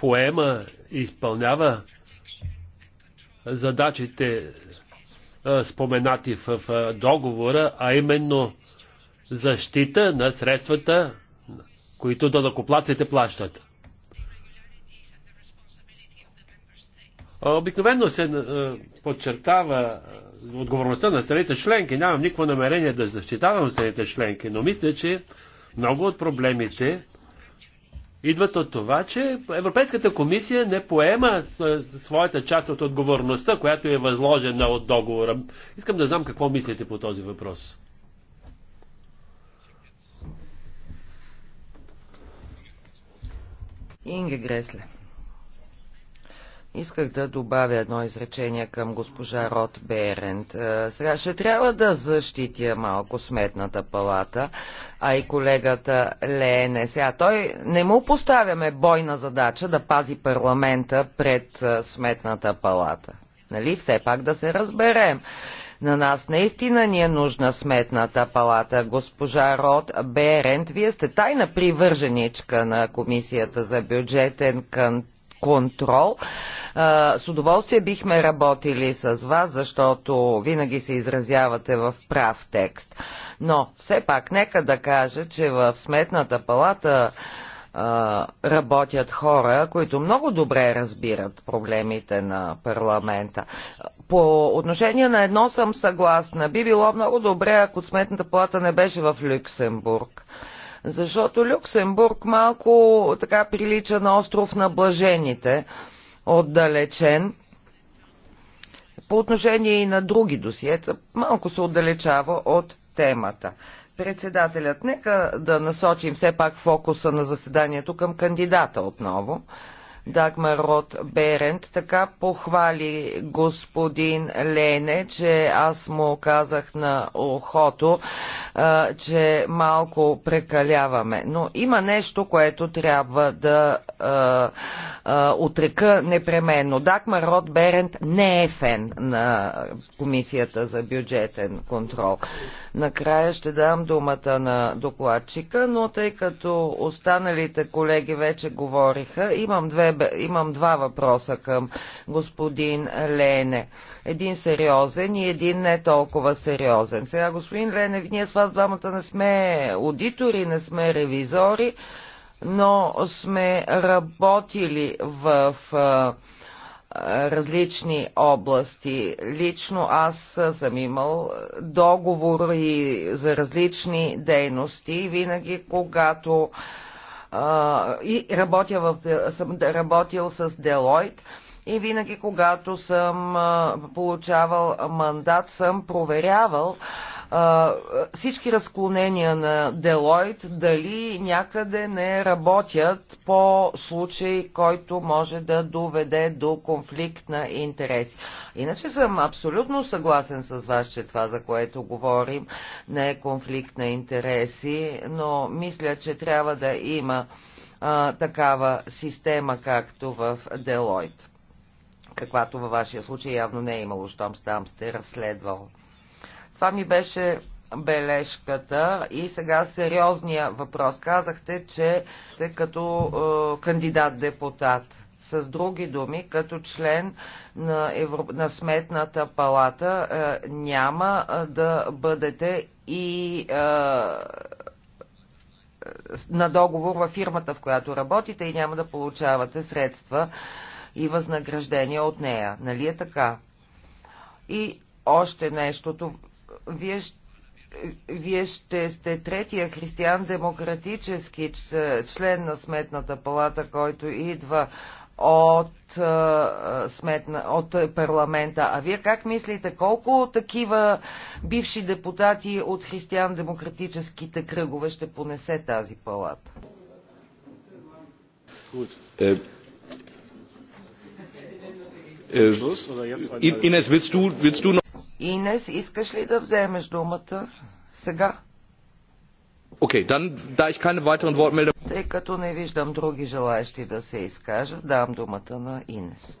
поема и изпълнява задачите споменати в договора, а именно защита на средствата, които дълъкоплаците плащат. Обикновено се подчертава отговорността на страните членки. Нямам никакво намерение да защитавам страните членки, но мисля, че много от проблемите идват от това, че Европейската комисия не поема своята част от отговорността, която е възложена от договора. Искам да знам какво мислите по този въпрос. Инге Гресле. Исках да добавя едно изречение към госпожа Рот Берент. Е, сега ще трябва да защитя малко сметната палата, а и колегата Лене. Сега той не му поставяме бойна задача да пази парламента пред е, сметната палата. Нали? Все пак да се разберем. На нас наистина ни е нужна сметната палата. Госпожа Род Берент, вие сте тайна привърженичка на Комисията за бюджетен контрол контрол. С удоволствие бихме работили с вас, защото винаги се изразявате в прав текст. Но все пак нека да кажа, че в Сметната палата работят хора, които много добре разбират проблемите на парламента. По отношение на едно съм съгласна. Би било много добре, ако Сметната палата не беше в Люксембург. Защото Люксембург малко така прилича на остров на блажените, отдалечен. По отношение и на други досиета, малко се отдалечава от темата. Председателят, нека да насочим все пак фокуса на заседанието към кандидата отново. Дагмар Рот Берент. Така похвали господин Лене, че аз му казах на ухото, а, че малко прекаляваме. Но има нещо, което трябва да а, а, отрека непременно. Дагмар Рот Берент не е фен на Комисията за бюджетен контрол. Накрая ще дам думата на докладчика, но тъй като останалите колеги вече говориха, имам две Вебер. Имам два въпроса към господин Лене. Един сериозен и един не толкова сериозен. Сега, господин Лене, ние с вас двамата не сме аудитори, не сме ревизори, но сме работили в различни области. Лично аз съм имал договори за различни дейности и винаги, когато и работя в, съм работил с Делойт и винаги, когато съм получавал мандат, съм проверявал а, всички разклонения на Делойт дали някъде не работят по случай, който може да доведе до конфликт на интереси. Иначе съм абсолютно съгласен с вас, че това, за което говорим, не е конфликт на интереси, но мисля, че трябва да има а, такава система, както в Делойт каквато във вашия случай явно не е имало, щом там сте разследвал. Това ми беше бележката и сега сериозния въпрос. Казахте, че сте като е, кандидат-депутат. С други думи, като член на, Евро... на Сметната палата е, няма е, да бъдете и е, на договор във фирмата, в която работите и няма да получавате средства и възнаграждения от нея. Нали е така? И още нещото, вие ще вие ще сте третия християн-демократически член на Сметната палата, който идва от, сметна, от парламента. А вие как мислите, колко такива бивши депутати от християн-демократическите кръгове ще понесе тази палата? Е, е, Инес, willst du, willst du Инес, искаш ли да вземеш думата сега? Окей, okay, да da ich keine weiteren Wortmeldungen... Тъй като не виждам други желаящи да се изкажат, дам думата на Инес.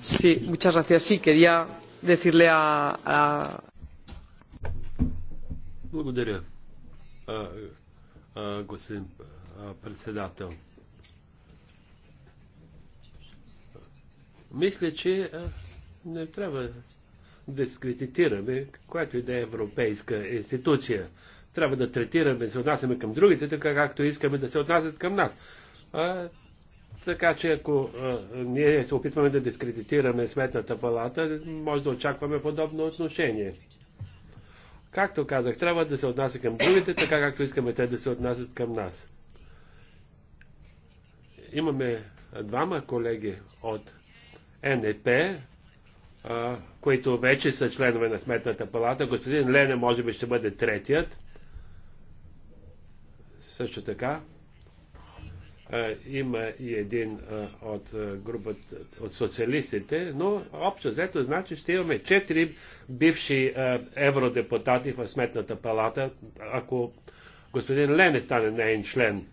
Sí, muchas gracias. Sí, quería decirle a... a... Благодаря, а, а, господин а, председател. Мисля, че не трябва дискредитираме която и да е европейска институция. Трябва да третираме, се отнасяме към другите, така както искаме да се отнасят към нас. А, така че ако а, ние се опитваме да дискредитираме сметната палата, може да очакваме подобно отношение. Както казах, трябва да се отнася към другите, така както искаме те да се отнасят към нас. Имаме двама колеги от НЕП, които вече са членове на Сметната палата. Господин Лене може би ще бъде третият. Също така има и един от групата от социалистите, но общо взето значи ще имаме четири бивши евродепутати в Сметната палата, ако господин Лене стане нейн член.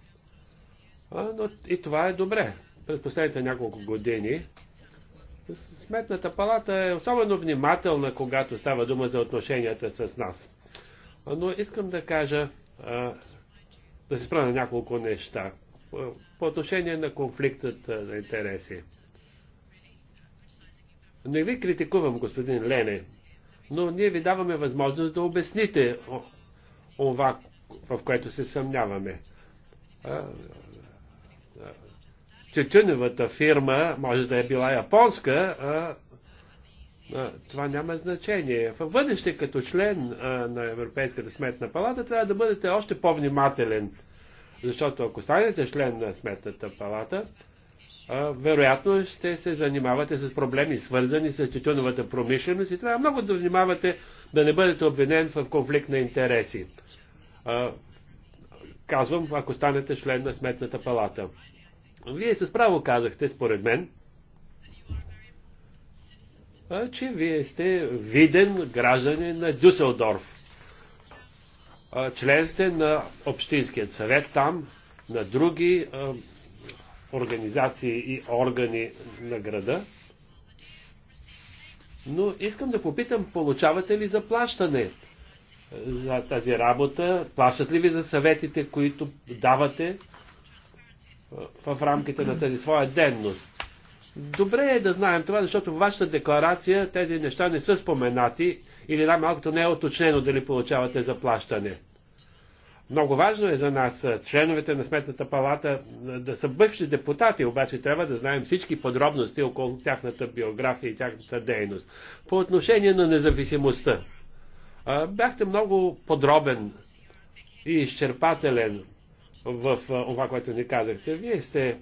Но и това е добре. През последните няколко години Сметната палата е особено внимателна, когато става дума за отношенията с нас. Но искам да кажа, да се спра на няколко неща по отношение на конфликтът на интереси. Не ви критикувам, господин Лене, но ние ви даваме възможност да обясните това, в което се съмняваме тютюневата фирма, може да е била японска, а, а, това няма значение. В бъдеще, като член а, на Европейската сметна палата, трябва да бъдете още по-внимателен. Защото ако станете член на сметната палата, а, вероятно ще се занимавате с проблеми, свързани с тютюновата промишленост и трябва много да внимавате да не бъдете обвинен в конфликт на интереси. А, казвам, ако станете член на Сметната палата. Вие с право казахте, според мен, че вие сте виден гражданин на Дюселдорф. Член сте на Общинският съвет там, на други организации и органи на града. Но искам да попитам, получавате ли заплащане за тази работа? Плащат ли ви за съветите, които давате? в рамките на тази своя денност. Добре е да знаем това, защото в вашата декларация тези неща не са споменати или най-малкото не е оточнено дали получавате заплащане. Много важно е за нас, членовете на Сметната палата, да са бивши депутати, обаче трябва да знаем всички подробности около тяхната биография и тяхната дейност. По отношение на независимостта. Бяхте много подробен и изчерпателен в това, което ни казахте. Вие сте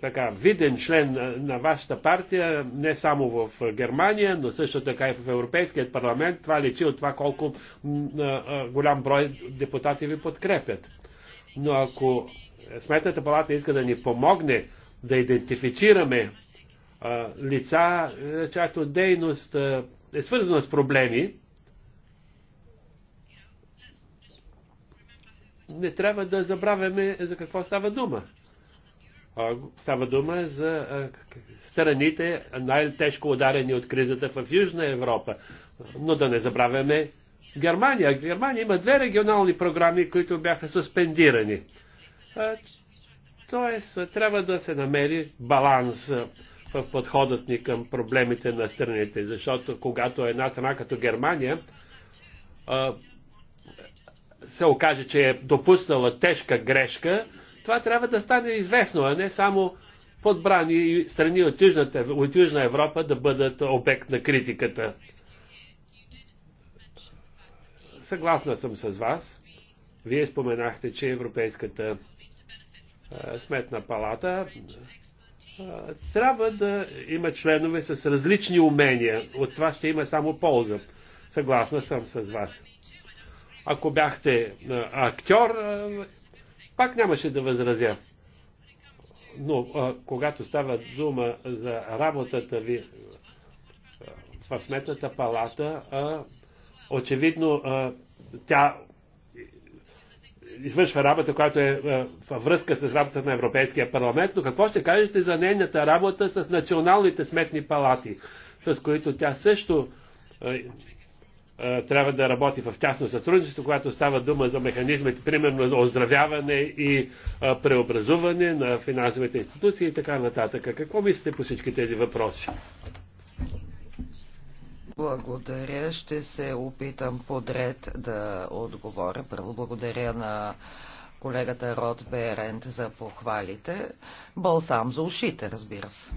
така виден член на вашата партия, не само в Германия, но също така и в Европейският парламент. Това лечи от това колко голям брой депутати ви подкрепят. Но ако Сметната палата иска да ни помогне да идентифицираме лица, чиято дейност е свързана с проблеми, не трябва да забравяме за какво става дума. Става дума за страните най-тежко ударени от кризата в Южна Европа. Но да не забравяме Германия. Германия има две регионални програми, които бяха суспендирани. Тоест, трябва да се намери баланс в подходът ни към проблемите на страните, защото когато една страна като Германия се окаже, че е допуснала тежка грешка, това трябва да стане известно, а не само подбрани страни от, Южната, от Южна Европа да бъдат обект на критиката. Съгласна съм с вас. Вие споменахте, че Европейската сметна палата трябва да има членове с различни умения. От това ще има само полза. Съгласна съм с вас. Ако бяхте актьор, пак нямаше да възразя. Но когато става дума за работата ви в сметната палата, очевидно тя извършва работа, която е във връзка с работата на Европейския парламент, но какво ще кажете за нейната работа с националните сметни палати, с които тя също трябва да работи в тясно сътрудничество, когато става дума за механизмите, примерно за оздравяване и преобразуване на финансовите институции и така нататък. Какво мислите по всички тези въпроси? Благодаря. Ще се опитам подред да отговоря. Първо благодаря на колегата Род Берент за похвалите. Бълсам за ушите, разбира се.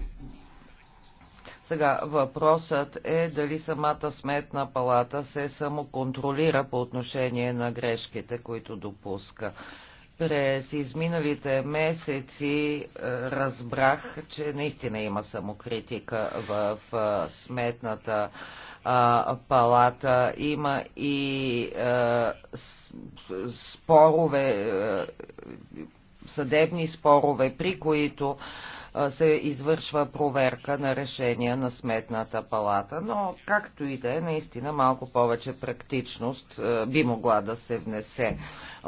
Сега въпросът е дали самата сметна палата се самоконтролира по отношение на грешките, които допуска. През изминалите месеци е, разбрах, че наистина има самокритика в е, сметната палата. Има и е, спорове, съдебни спорове, при които се извършва проверка на решения на Сметната палата. Но, както и да е, наистина малко повече практичност би могла да се внесе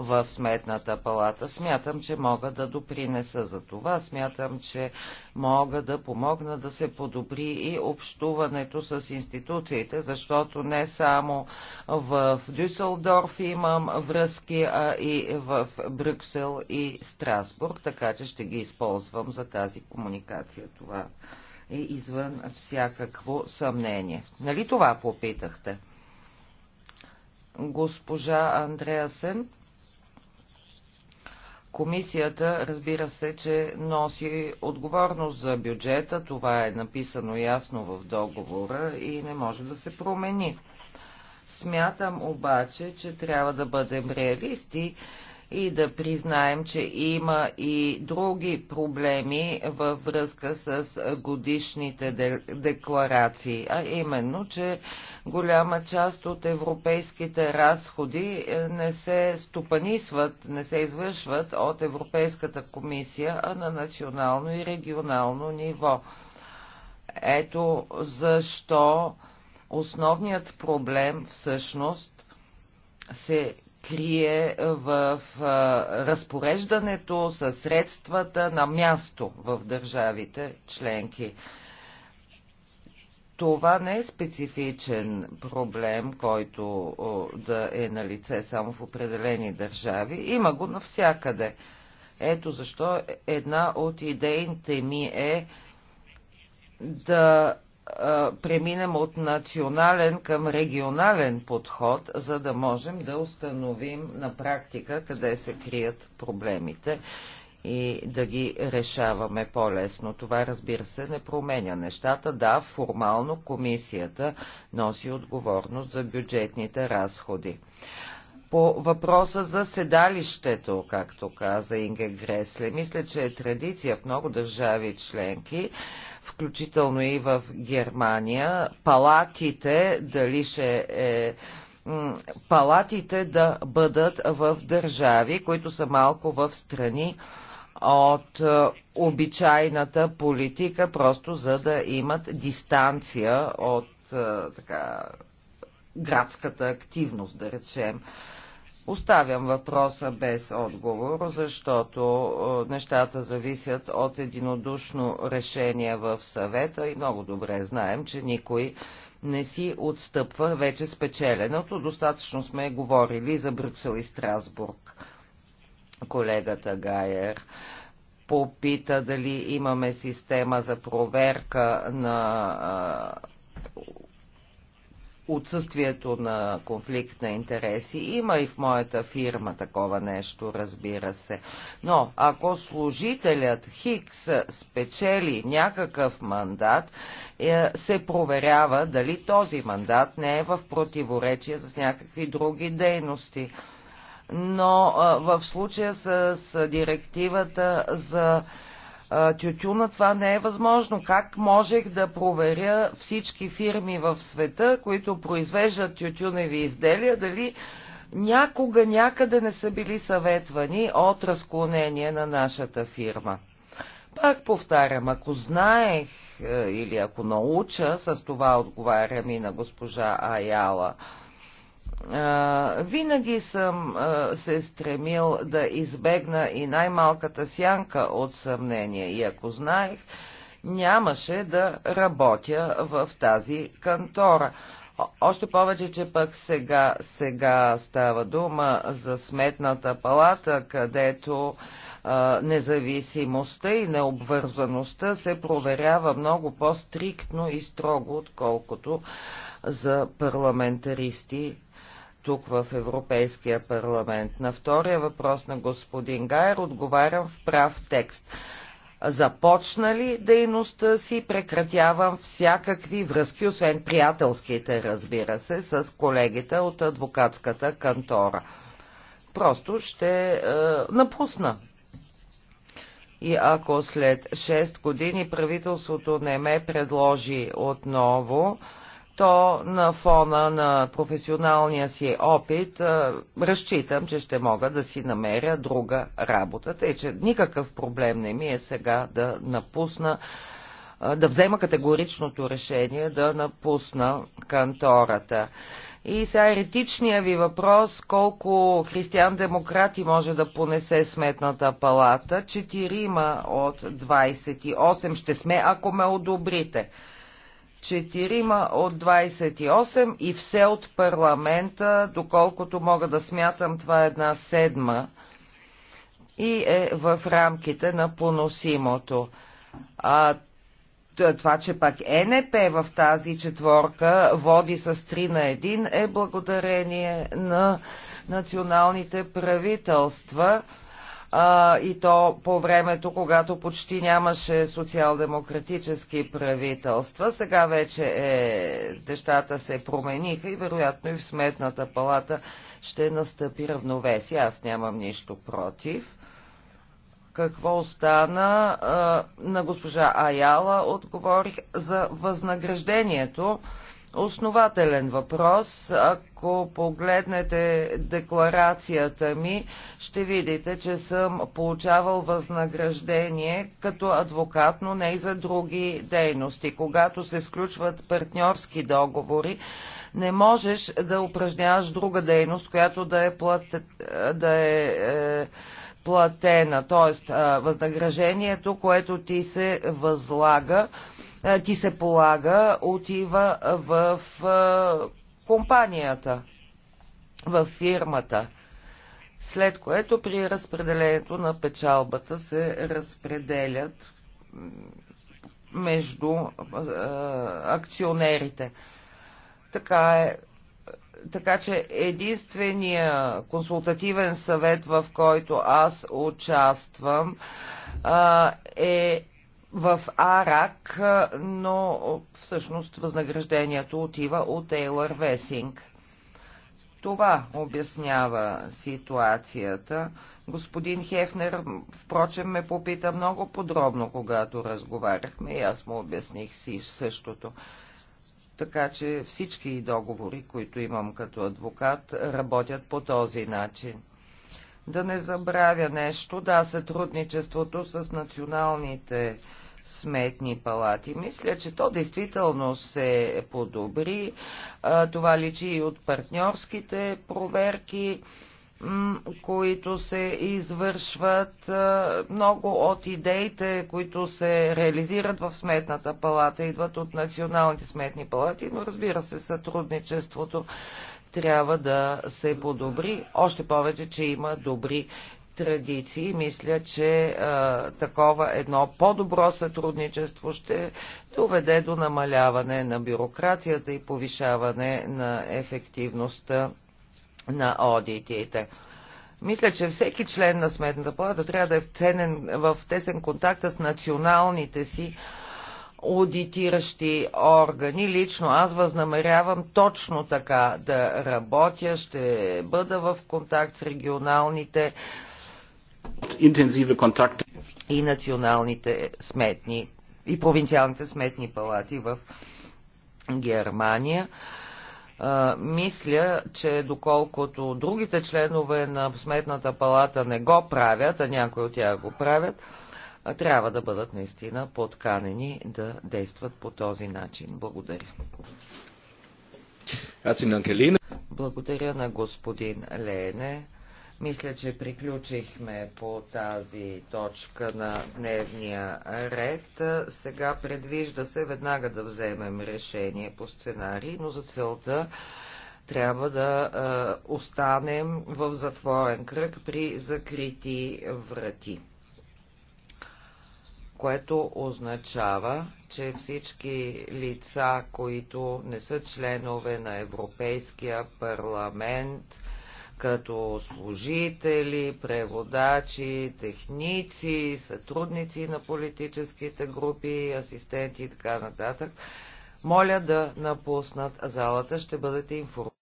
в Сметната палата. Смятам, че мога да допринеса за това. Смятам, че мога да помогна да се подобри и общуването с институциите, защото не само в Дюселдорф имам връзки, а и в Брюксел и Страсбург, така че ще ги използвам за тази комуникация. Това е извън всякакво съмнение. Нали това попитахте? Госпожа Андреасен Комисията, разбира се, че носи отговорност за бюджета, това е написано ясно в договора и не може да се промени. Смятам обаче, че трябва да бъдем реалисти и да признаем, че има и други проблеми във връзка с годишните декларации, а именно, че голяма част от европейските разходи е, не се стопанисват, не се извършват от Европейската комисия, а на национално и регионално ниво. Ето защо основният проблем всъщност се крие в разпореждането със средствата на място в държавите членки. Това не е специфичен проблем, който да е на лице само в определени държави. Има го навсякъде. Ето защо една от идеите ми е да преминем от национален към регионален подход, за да можем да установим на практика къде се крият проблемите и да ги решаваме по-лесно. Това, разбира се, не променя нещата. Да, формално комисията носи отговорност за бюджетните разходи. По въпроса за седалището, както каза Инге Гресле, мисля, че е традиция в много държави членки включително и в Германия, палатите, дали ще е палатите да бъдат в държави, които са малко в страни от е, обичайната политика, просто за да имат дистанция от е, така, градската активност, да речем. Оставям въпроса без отговор, защото е, нещата зависят от единодушно решение в съвета и много добре знаем, че никой не си отстъпва вече спечеленото. Достатъчно сме говорили за Брюксел и Страсбург. Колегата Гайер попита дали имаме система за проверка на е, отсъствието на конфликт на интереси. Има и в моята фирма такова нещо, разбира се. Но ако служителят Хикс спечели някакъв мандат, е, се проверява дали този мандат не е в противоречие с някакви други дейности. Но в случая с директивата за тютюна, това не е възможно. Как можех да проверя всички фирми в света, които произвеждат тютюневи изделия, дали някога някъде не са били съветвани от разклонение на нашата фирма? Пак повтарям, ако знаех е, или ако науча, с това отговарям и на госпожа Аяла, винаги съм се стремил да избегна и най-малката сянка от съмнение. И ако знаех, нямаше да работя в тази кантора. Още повече, че пък сега, сега става дума за сметната палата, където а, независимостта и необвързаността се проверява много по-стриктно и строго, отколкото за парламентаристи тук в Европейския парламент. На втория въпрос на господин Гайер отговарям в прав текст. Започна ли дейността си, прекратявам всякакви връзки, освен приятелските, разбира се, с колегите от адвокатската кантора. Просто ще е, напусна и ако след 6 години правителството не ме предложи отново, то на фона на професионалния си опит разчитам, че ще мога да си намеря друга работа. Тъй, че никакъв проблем не ми е сега да напусна, да взема категоричното решение да напусна кантората. И сега еретичния ви въпрос, колко християн-демократи може да понесе сметната палата? Четирима от 28 ще сме, ако ме одобрите четирима от 28 и все от парламента, доколкото мога да смятам, това е една седма и е в рамките на поносимото. А, това, че пак е НП в тази четворка води с 3 на 1 е благодарение на националните правителства, а, и то по времето, когато почти нямаше социал-демократически правителства. Сега вече е, нещата се промениха и вероятно и в Сметната палата ще настъпи равновесие. Аз нямам нищо против. Какво остана? А, на госпожа Аяла отговорих за възнаграждението основателен въпрос. Ако погледнете декларацията ми, ще видите, че съм получавал възнаграждение като адвокат, но не и за други дейности. Когато се сключват партньорски договори, не можеш да упражняваш друга дейност, която да е, плат... да е, е платена. Тоест, възнаграждението, което ти се възлага, ти се полага, отива в компанията, в фирмата. След което при разпределението на печалбата се разпределят между акционерите. Така е така че единствения консултативен съвет, в който аз участвам, е в Арак, но всъщност възнаграждението отива от Тейлър Весинг. Това обяснява ситуацията. Господин Хефнер, впрочем, ме попита много подробно, когато разговаряхме и аз му обясних си същото. Така че всички договори, които имам като адвокат, работят по този начин. Да не забравя нещо, да, сътрудничеството с националните сметни палати. Мисля, че то действително се подобри. Това личи и от партньорските проверки които се извършват. Много от идеите, които се реализират в Сметната палата, идват от националните сметни палати, но разбира се, сътрудничеството трябва да се подобри, още повече, че има добри традиции. Мисля, че а, такова едно по-добро сътрудничество ще доведе до намаляване на бюрокрацията и повишаване на ефективността на одитите. Мисля, че всеки член на Сметната палата трябва да е в, ценен, в тесен контакт с националните си аудитиращи органи. Лично аз възнамерявам точно така да работя. Ще бъда в контакт с регионалните и националните сметни и провинциалните сметни палати в Германия. А, мисля, че доколкото другите членове на Сметната палата не го правят, а някои от тях го правят, трябва да бъдат наистина подканени да действат по този начин. Благодаря. Благодаря на господин Лене. Мисля, че приключихме по тази точка на дневния ред. Сега предвижда се веднага да вземем решение по сценарий, но за целта трябва да е, останем в затворен кръг при закрити врати. Което означава, че всички лица, които не са членове на Европейския парламент, като служители, преводачи, техници, сътрудници на политическите групи, асистенти и така нататък, моля да напуснат залата. Ще бъдете информирани.